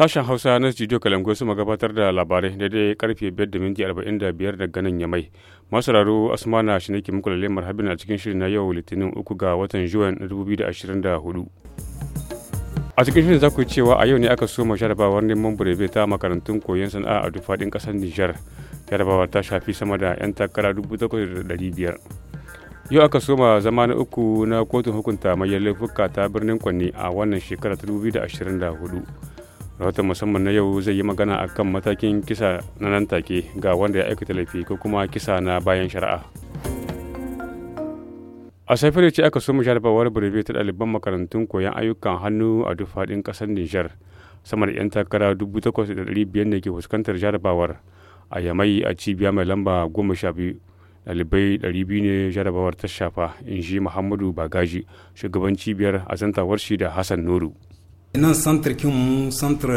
Sashen Hausa na Studio Kalangoy su gabatar da labarai daidai karfe da minti 5:45 daga nan Yamai. raro Asmana shi nake muku lalle marhabin a cikin shirin na yau Litinin uku ga watan Juwan 2024. A cikin shirin za ku cewa a yau ne aka soma jarabawar neman burebe ta makarantun koyon sana'a a dufaɗin ƙasar Nijar. Jarabawar ta shafi sama da 'yan takara biyar yau aka soma zama na uku na kotun hukunta mai laifuka ta birnin kwanne a wannan shekara 2024 rahoton musamman na yau zai yi magana a kan matakin kisa na nan take ga wanda ya aikata laifi ko kuma kisa na bayan shari'a a safiyar ce aka so mu jarabawar birbe ta ɗaliban makarantun koyon ayyukan hannu a duk faɗin ƙasar nijar sama da 'yan takara 8,500 ne ke fuskantar jarabawar a yamai a cibiya mai lamba goma sha biyu ɗalibai 200 ne jarabawar ta shafa in ji muhammadu bagaji shugaban cibiyar a zantawar shi da hassan nuru nan santar kinmu santar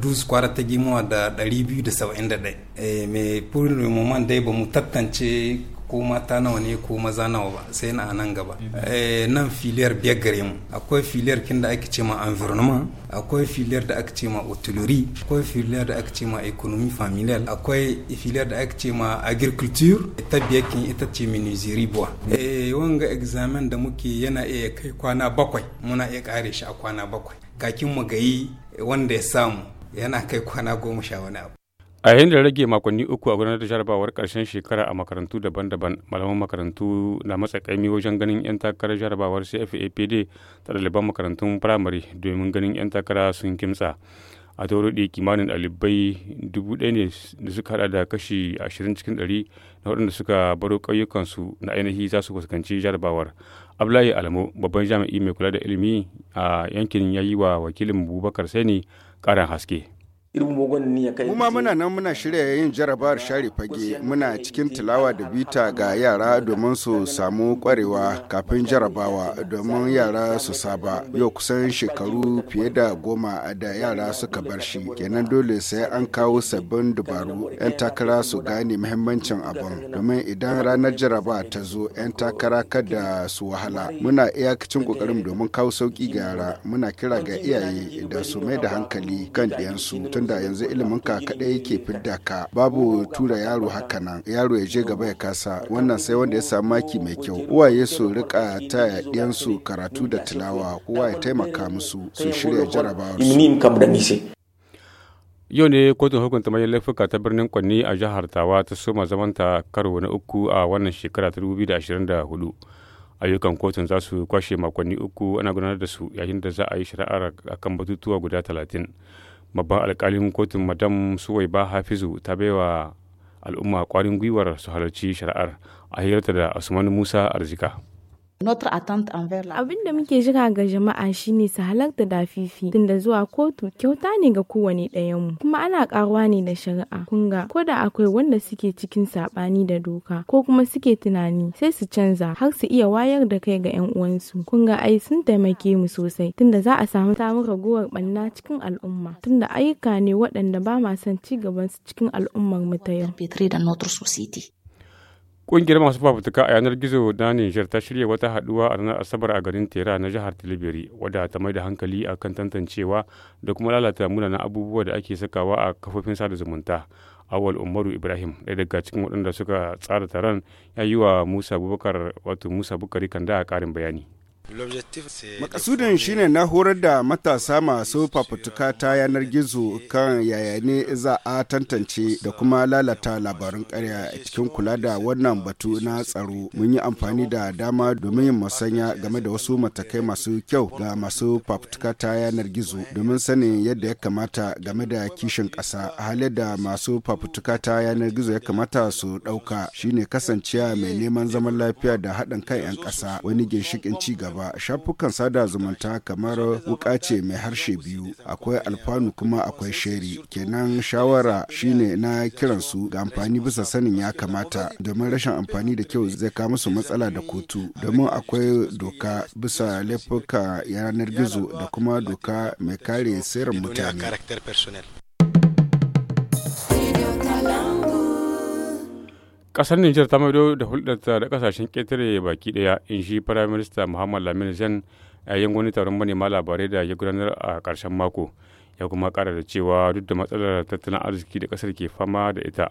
dus kwara ta gimuwa da 271 mai furin dai ba mu tattance ko mata nawa ne ko maza nawa ba sai na nan gaba eh, nan filiyar biyar gare mu akwai filiyar kin da ake ce ma environment akwai filiyar da ake ce ma hotellerie akwai filiyar da ake ce ma economy familial akwai filiyar da ake ce ma agriculture ta biyakin ita ce menuiserie buwa eh wanga examen da muke yana iya kai kwana bakwai muna iya kare shi a kwana bakwai kakin mu gayi wanda ya samu yana kai kwana goma sha wani abu a yayin da rage makonni uku a gudanar da jarabawar karshen shekara a makarantu daban-daban malaman makarantu na matsakaimi wajen ganin 'yan takarar jarabawar cfapd ta ɗaliban makarantun firamare domin ganin 'yan takara sun kimtsa a taurudi kimanin ɗalibai dubu ɗaya ne da suka hada da kashi ashirin cikin ɗari na waɗanda suka baro ƙauyukansu na ainihi za su fuskanci jarabawar ablaye alamo babban jami'i mai kula da ilimi a yankin ya wa wakilin bubakar sani ƙarin haske irin muna nan muna shirya yin jarabar share fage muna cikin tilawa da bita ga yara domin su samu kwarewa kafin jarabawa domin yara su saba yau kusan shekaru fiye da goma da yara suka bar shi kenan dole sai an kawo sabbin dabaru yan takara su gane muhimmancin abin domin idan ranar jaraba ta zo yan takara kada su wahala muna iyakacin kokarin domin kawo sauki ga yara muna kira ga iyaye da su mai da hankali kan ɗiyansu da yanzu ilimin ka kadai yake fidda ka babu tura yaro haka nan yaro ya je gaba ya kasa wannan sai wanda ya samu maki mai kyau uwaye su rika taya su karatu da tilawa kowa ya taimaka musu su shirya jarabawar yau ne kotun hukunta mai laifuka ta birnin kwanni a jihar tawa ta soma zamanta karo na uku a wannan shekara ta 2024 ayyukan kotun za su kwashe makonni uku ana gudanar da su yayin da za a yi shari'ar akan batutuwa guda talatin. babban alkalin kotun madam suwaiba hafizu ta baiwa al'umma kwarin gwiwar su halarci shari'ar a hirarta da usman musa arzika notre attente envers la abin da muke jira ga jama'a shine su halarta da dafifi tunda zuwa kotu kyauta ne ga kowane ɗayan mu kuma ana ƙaruwa ne da shari'a kunga ko da akwai wanda suke cikin saɓani da doka ko kuma suke tunani sai su canza har su iya wayar da kai ga yan uwansu kunga ai sun taimake mu sosai tunda za a samu samun ragowar ɓanna cikin al'umma tunda ayyuka ne waɗanda ba ma son ci gaban su cikin al'ummar mu ta yau Ƙungiyar masu fafutuka a yanar gizo na Nijar ta shirya wata haɗuwa a ranar Asabar a garin Tera na jihar Tilibiri wadda ta mai da hankali a kan tantancewa da kuma lalata munanan abubuwa da ake sakawa a kafofin sada zumunta. Awal Umaru Ibrahim ɗaya daga cikin waɗanda suka tsara taron ya yi wa Musa Bukari kanda a ƙarin bayani. Makasudin shine na horar da matasa masu fafutuka ta yanar gizo kan yaya ne za a tantance da kuma lalata labarin karya cikin kula da wannan batu na tsaro. Mun yi amfani da dama domin yin masanya game da wasu matakai masu kyau ga masu fafutuka ta yanar gizo domin sanin yadda ya kamata game da kishin ƙasa halin da masu fafutuka ta yanar gizo ya kamata su ɗauka shine kasancewa mai neman zaman lafiya da haɗin kan 'yan ƙasa wani ginshiƙin ci gaba. ba shafukan sada zumunta kamar wuka ce mai harshe biyu akwai alfanu kuma akwai sheri kenan shawara shine na kiransu ga amfani bisa sanin ya kamata domin rashin amfani da kyau zai kawo musu matsala da kotu domin akwai doka bisa laifuka yanar gizo da kuma doka mai kare sirrin mutane kasar Nijar ta maido da hulɗarta da kasashen ƙetare baki ɗaya in shi Firayim Minista Muhammad Lamin Zan yayin wani taron manema labarai da ya gudanar a ƙarshen mako. Ya kuma ƙara da cewa duk da matsalar tattalin arziki da kasar ke fama da ita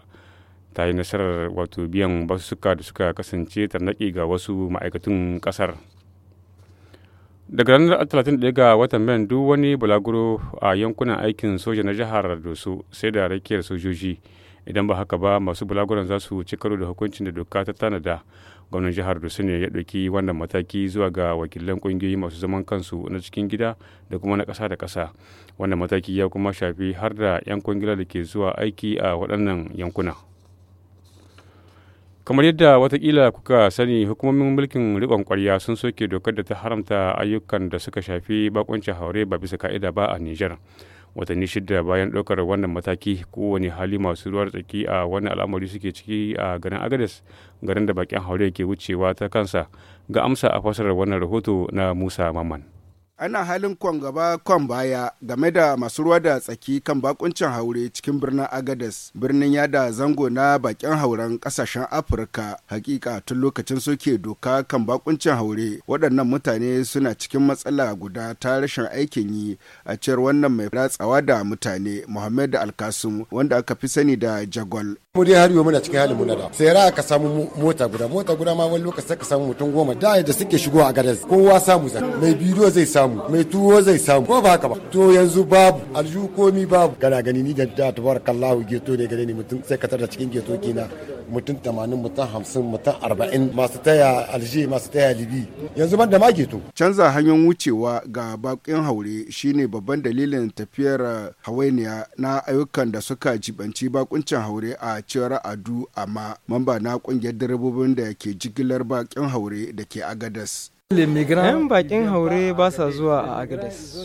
ta yi nasarar wato biyan suka da suka kasance tarnaƙi ga wasu ma'aikatun ƙasar. daga ranar 31 ga watan mayan duk wani bulaguro a yankunan aikin soja na jihar doso sai da rakiyar sojoji idan ba haka ba masu bulaguran za su ci karo da hukuncin da doka ta tanada gwamnan jihar ne ya ɗauki wannan mataki zuwa ga wakilan ƙungiyoyi masu zaman kansu na cikin gida da kuma na ƙasa da ƙasa wannan mataki ya kuma shafi har da 'yan kwangila da ke zuwa aiki a waɗannan yankuna kamar yadda watakila kuka sani hukumomin mulkin riƙon ƙwarya sun soke dokar da ta haramta ayyukan da suka shafi bakuncin haure ba bisa ka'ida ba a nijar watanni shida bayan ɗaukar wannan mataki kowane hali masu ruwar tsaki a wani al'amari suke ciki a garin agades garin da bakin haure ke wucewa ta kansa ga amsa a fasarar wannan rahoto na musa maman ana halin kwan gaba kwan baya game da masu ruwa da tsaki kan bakuncin haure cikin birnin agadas birnin yada zango na bakin hauren kasashen afirka hakika tun lokacin suke doka kan bakuncin haure waɗannan mutane suna cikin matsala guda ta rashin aikin yi a cewar wannan mai ratsawa da mutane muhammad alkasum wanda aka fi sani da jagol mu dai har yau muna cikin halin muna da sai ra ka samu mota guda mota guda ma wani lokaci ka samu mutum goma da da suke shigo a gadas kowa samu mai bidiyo zai samu samu mai tuwo zai samu ko ba haka ba to yanzu babu alju komi babu gana gani ni da da tabarakallahu geto ne gare ni mutum sai ka tarda cikin geto kina mutum 80 mutum 50 mutum 40 masu taya alje masu taya libi yanzu ban da ma geto canza hanyar wucewa ga bakin haure shine babban dalilin tafiyar hawainiya na ayyukan da suka jibanci bakuncin haure a cewar adu amma mamba na kungiyar direbobin da ke jigilar bakin haure da ke agadas 'yan bakin haure ba sa zuwa a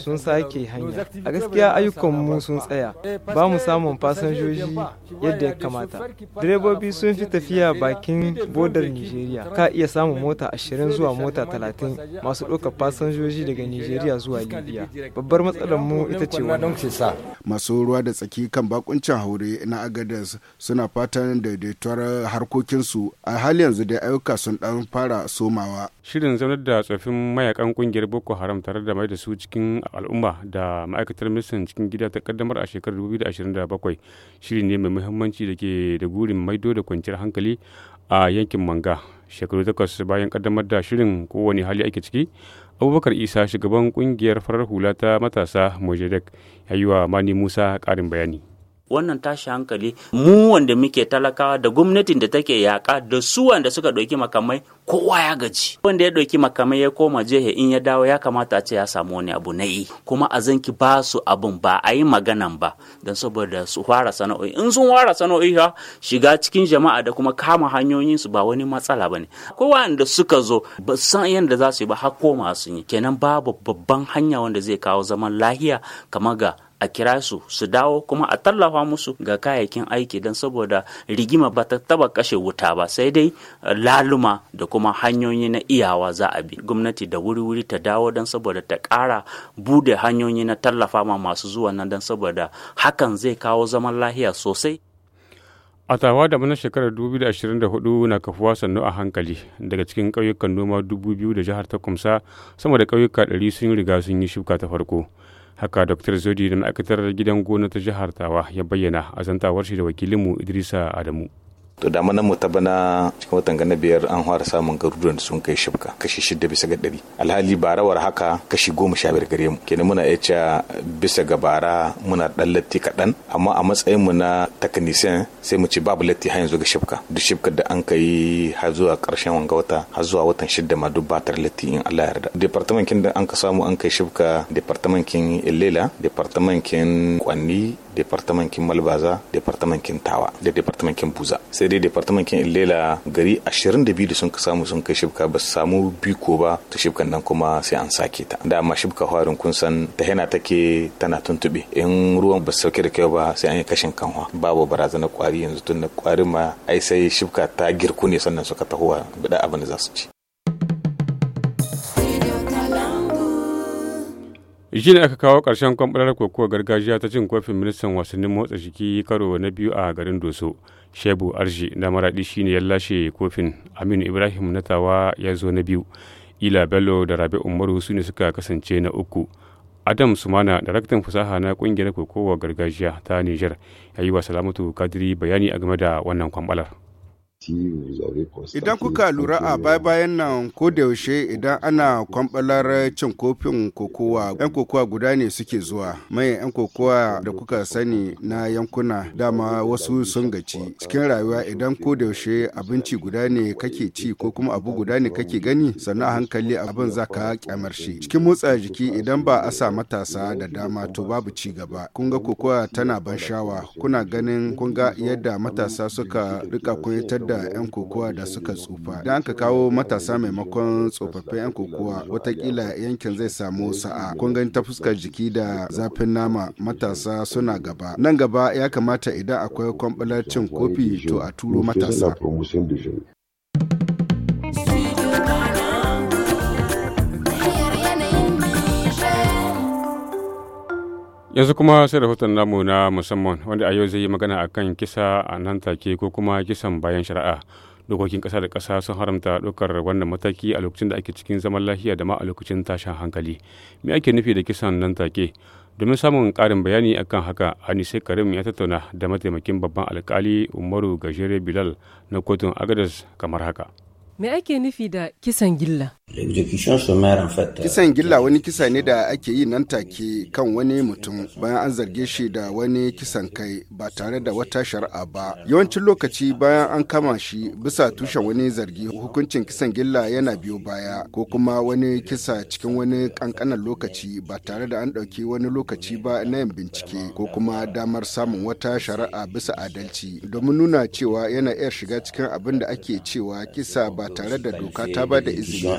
sun sake hanya a gaskiya ayyukanmu sun tsaya ba mu samun fasinjoji yadda ya kamata direbobi sun fi tafiya bakin bodar nigeria ka iya samun mota 20 zuwa mota 30 masu ɗaukar fasinjoji daga nigeria zuwa libya babbar matsalar mu ita ce wannan masu ruwa da tsaki kan bakuncin haure na agadas suna fatan daidaituwar harkokinsu a hali yanzu da ayyuka sun ɗan fara somawa shirin zaunar da da tsofin mayakan kungiyar boko haram tare da mai da su cikin al'umma da ma'aikatar ministan cikin gida ta kaddamar a shekarar 2027 shiri ne mai muhimmanci da ke da burin maido da kwanciyar hankali a yankin manga shekaru takwas bayan kaddamar da shirin kowane hali ake ciki abubakar isa shugaban kungiyar farar hula ta matasa mojadek ya yi wa mani musa karin bayani wannan tashi hankali mu wanda muke talakawa da gwamnatin da take yaƙa da su wanda suka ɗauki makamai kowa ya gaji wanda ya ɗauki makamai ya koma jihe in ya dawo ya kamata a ce ya samu wani abu na yi kuma a zanki ba su abun ba a yi maganan ba don saboda su fara sana'o'i in sun fara sana'o'i ha shiga cikin jama'a da kuma kama hanyoyin su ba wani matsala ba ne akwai wanda suka zo ba san yadda za su yi ba har koma sun yi kenan babu babban hanya wanda zai kawo zaman lahiya kamar ga a kira su su dawo kuma a tallafa musu ga kayayyakin aiki don saboda rigima ba ta taba kashe wuta ba sai dai laluma da kuma hanyoyi na iyawa za a bi gwamnati da wuri-wuri ta dawo don saboda ta ƙara bude hanyoyi na tallafa ma masu zuwa nan don saboda hakan zai kawo zaman lahiya sosai a tawa da mana shekarar 2024 na kafuwa sannu a hankali daga cikin ƙauyukan noma 2000 da jihar ta kumsa sama da ƙauyuka 100 sun riga sun yi shuka ta farko haka dr zodi da ma'aikatar gidan gona ta jihar tawa ya bayyana a zantawar shi da wakilinmu idrisa adamu to da mana mu ta bana cikin watan gana biyar an fara samun garuruwan da sun kai shibka kashi shida bisa ga dari alhali barawar haka kashi goma sha biyar gare mu kenan muna iya cewa bisa ga bara muna ɗan latti kaɗan amma a matsayin mu na takanisiyan sai mu ci babu latti har yanzu ga shibka duk shibka da an kai har zuwa ƙarshen wanga wata har zuwa watan shida ma duk batar latti in Allah ya yarda departamentin da an ka samu an kai shibka departamentin Ilela departamentin Kwanni departamentin Malbaza departamentin Tawa da departamentin Buza sai dai kin illela gari 22 da sun samu sun kai shibka ba samu ko ba ta shibkan nan kuma sai an sake ta da dama shibka harin kun san ta hena take tana tuntube in ruwan ba sauke da kai ba sai an yi kashin kanwa babu barazana kwari yanzu tun da kwarin ma ai sai shibka ta girku ne sannan suka tahowa bada abin da za su ci shi aka kawo ƙarshen kwamɓalar kokowar gargajiya ta cin kofin ministan wasannin motsa jiki karo na biyu a garin doso shebu arji na maraɗi shi ne ya lashe kofin aminu ibrahim tawa ya zo na biyu ila bello da rabi umaru su ne suka kasance na uku adam sumana daraktan fasaha na kungiyar kokowar gargajiya ta niger ya yi wa salamatu kadiri bayani a game da wannan kwamɓalar Idan kuka lura a baya-bayan nan ko da yaushe idan ana kwambalar cin kofin kokowa, 'yan kokowa guda ne suke zuwa. Mai 'yan kokowa da kuka sani na yankuna dama wasu sun gaci. Cikin rayuwa idan ko da yaushe abinci guda ne kake ci ko kuma abu guda ne kake gani sannan a hankali abin za ka kyamar shi. Cikin motsa jiki idan ba a sa matasa da dama to babu ci gaba. Kun ga kokowa tana ban shawa. Kuna ganin kun ga yadda matasa suka rika koyatar da 'yan kokowa da suka tsufa idan aka kawo matasa maimakon tsofaffin 'yan kokowa watakila yankin zai samu sa'a kun ta fuskar jiki da zafin nama matasa suna gaba nan gaba ya kamata idan akwai kwambalar cin kofi to a turo matasa yanzu kuma sai rahoton namu na musamman wanda a yau zai yi magana a kan kisa a nan take ko kuma kisan bayan shari'a dokokin kasa da kasa sun haramta ɗaukar wannan mataki a lokacin da ake cikin zaman lafiya da ma a lokacin tashin hankali me ake nufi da kisan nan take domin samun karin bayani akan haka anise karim ya tattauna da mataimakin babban alkali umaru gajere bilal na kotun agadas kamar haka Me ake nufi da kisan gilla? Kisan gilla wani kisa ne da ake yi nan take kan wani mutum bayan an zarge shi da wani kisan kai ba tare da wata shari'a ba. Yawancin lokaci bayan an kama shi bisa tushen wani zargi hukuncin kisan gilla yana biyo baya ko kuma wani kisa cikin wani kankanan lokaci ba tare da an ɗauki wani lokaci ba na yin bincike ko kuma damar samun wata shari'a bisa adalci domin nuna cewa yana iya shiga cikin abin da ake cewa kisa ba tare da doka ta ba da izini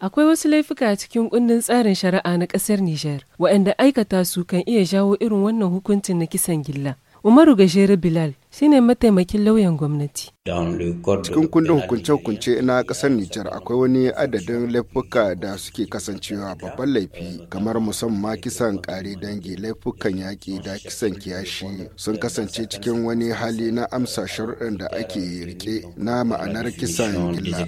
Akwai wasu laifuka cikin kundin tsarin shari'a na ƙasar Nijar waɗanda aikata su kan iya jawo irin wannan hukuncin na kisan gilla. Umaru Gajere Bilal shine mataimakin lauyan gwamnati. Cikin kundin hukunce-hukunce na ƙasar Nijar akwai wani adadin laifuka da suke kasancewa babban laifi kamar musamman kisan ƙare dangi laifukan yaƙi da kisan kiyashi sun kasance cikin wani hali na amsa shari'ar da ake rike na ma'anar kisan gilla.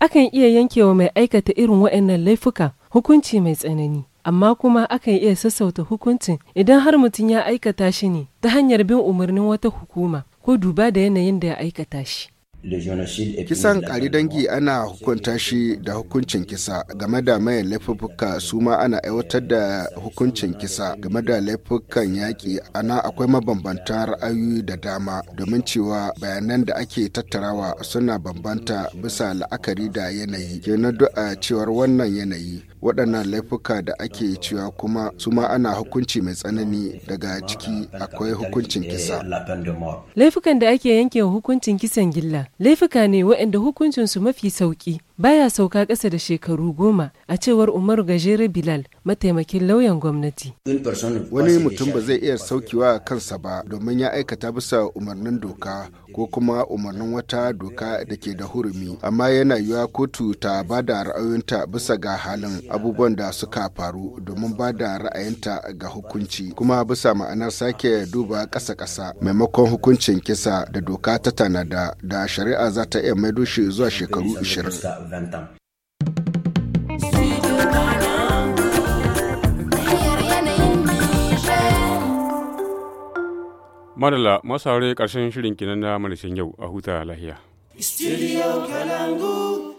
Akan iya yankewa mai aikata irin waɗannan laifuka hukunci mai tsanani. amma kuma akan iya sassauta hukuncin idan har mutum ya aikata shi ne ta hanyar bin umarnin wata hukuma ko duba da yanayin da ya aikata shi. Kisan ƙari dangi ana hukunta shi da hukuncin kisa game da mai laifuka su ma ana aiwatar da hukuncin kisa game da laifukan yaƙi ana akwai mabambantan ra'ayi da dama domin cewa bayanan da ake tattarawa suna bambanta bisa la'akari da yanayi ke na du'a cewar wannan yanayi waɗannan laifuka da ake cewa kuma su ma ana hukunci mai tsanani daga ciki akwai hukuncin kisa. Laifukan da ake yanke hukuncin kisan gilla laifuka ne waɗanda hukuncinsu mafi sauƙi baya sauka ƙasa da shekaru goma a cewar umar gajere bilal mataimakin lauyan gwamnati wani mutum ba zai iya saukewa kansa ba domin ya aikata bisa umarnin doka ko kuma umarnin wata doka da ke da hurumi amma yana yiwuwa kotu ta ba da ra'ayinta bisa ga halin abubuwan da suka faru domin ba da ra'ayinta ga hukunci kuma bisa ma'anar sake duba kasa-kasa maimakon hukuncin kisa da doka ta tanada da shari'a za ta iya maido shi zuwa shekaru ishirin 20 ans. Madala masu haure ƙarshen shirin kinan na marishin yau a huta lahiya. Studio Kalangu.